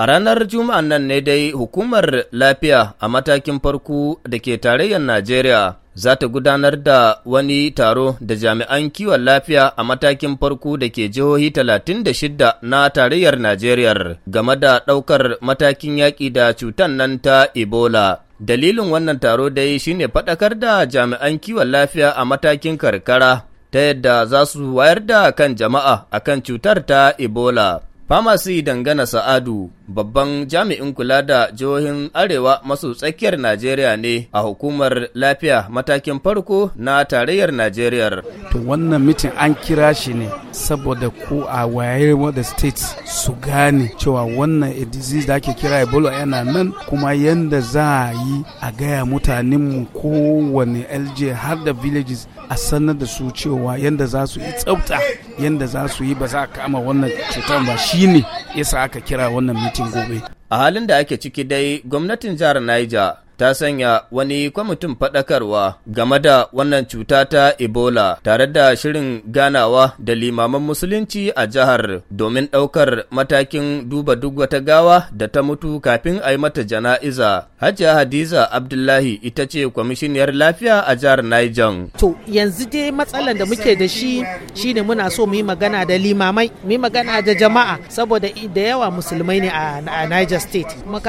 A ranar Juma'an nan ne dai hukumar lafiya a matakin farko da ke tarayyar Najeriya za ta gudanar da wani taro da jami'an kiwon lafiya a matakin farko da ke jihohi 36 na tarayyar Najeriya game da ɗaukar matakin yaƙi da cutan nan ta Ebola. Dalilin wannan taro dai shine faɗakar da jami'an kiwon lafiya a matakin karkara ta yadda za su wayar da kan jama'a akan cutar ta Ebola. Famasi dangana Sa'adu babban jami'in kula da jihohin Arewa maso tsakiyar Najeriya ne a hukumar lafiya matakin farko na tarayyar Najeriya. To wannan mitin an kira shi ne saboda ko a wayar da states su gane cewa wannan a disease da ake kira Ebola yana nan kuma yanda za a yi a gaya mutanenmu kowane LJ har da villages a sanar da su cewa yadda za su yi tsafta yadda za su yi ba za a kama wannan cutar ba shi ya yasa aka kira wannan mitin gobe a halin da ake ciki dai gwamnatin jihar niger ta sanya wani kwamitin faɗakarwa game da wannan cuta ta Ebola tare da shirin ganawa da limaman musulunci a jihar domin ɗaukar matakin duba duk wata gawa da ta mutu kafin a yi mata jana'iza. Hajiya Hadiza Abdullahi ita ce kwamishiniyar lafiya a jihar Niger. To yanzu dai matsalar da muke da shi shine muna so mu yi magana da limamai, mu yi magana da jama'a saboda da yawa musulmai ne a Niger State. Kuma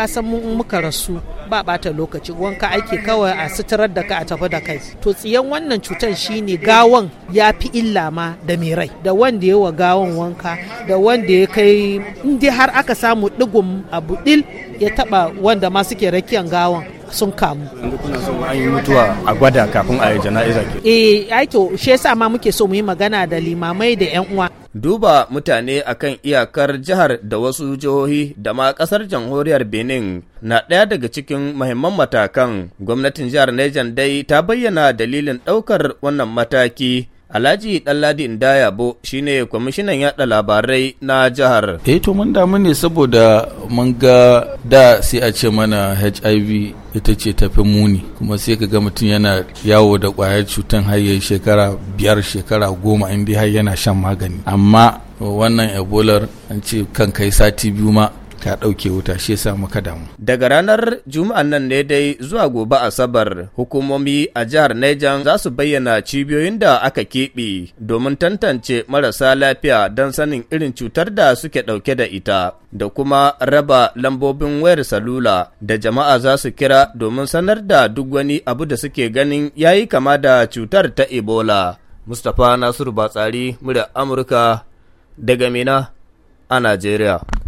muka rasu ba bata lokaci wanka ake kawai a suturar da ka a tafi da kai to tsiyan wannan cutar shine gawon ya fi illa ma da mai rai da wanda ya wa gawon wanka da wanda ya kai in har aka samu digun abu dil ya taba wanda ma suke rakiyan gawon. sun kamu kuna son an yi mutuwa a gwada kafin a yi ke eh ai to shi yasa ma muke so mu yi magana da limamai da yan uwa duba mutane a kan iyakar jihar da wasu jihohi da ma kasar jamhuriyar benin na ɗaya daga cikin mahimman matakan gwamnatin jihar niger dai ta bayyana dalilin ɗaukar wannan mataki Alhaji Ɗanladi Indayabo shi ne kwamishinan yaɗa labarai na jihar. Eh to mun damu ne saboda mun ga da sai a ce mana HIV ita ce tafi muni kuma sai ka ga mutum yana yawo da ƙwayar cutar har shekara biyar shekara goma in bi har yana shan magani. Amma wannan ebolar an ce kan kai sati biyu ma ta ɗauke wuta shi yasa muka damu. Daga ranar Juma'an nan ne dai zuwa gobe Asabar hukumomi a jihar Niger za su bayyana cibiyoyin da aka keɓe domin tantance marasa lafiya don sanin irin cutar da suke ɗauke da ita da kuma raba lambobin wayar salula da jama'a za su kira domin sanar da duk wani abu da suke ganin ya yi kama da cutar ta Ebola. Mustapha Nasiru Batsari, murya Amurka daga Mina a Najeriya.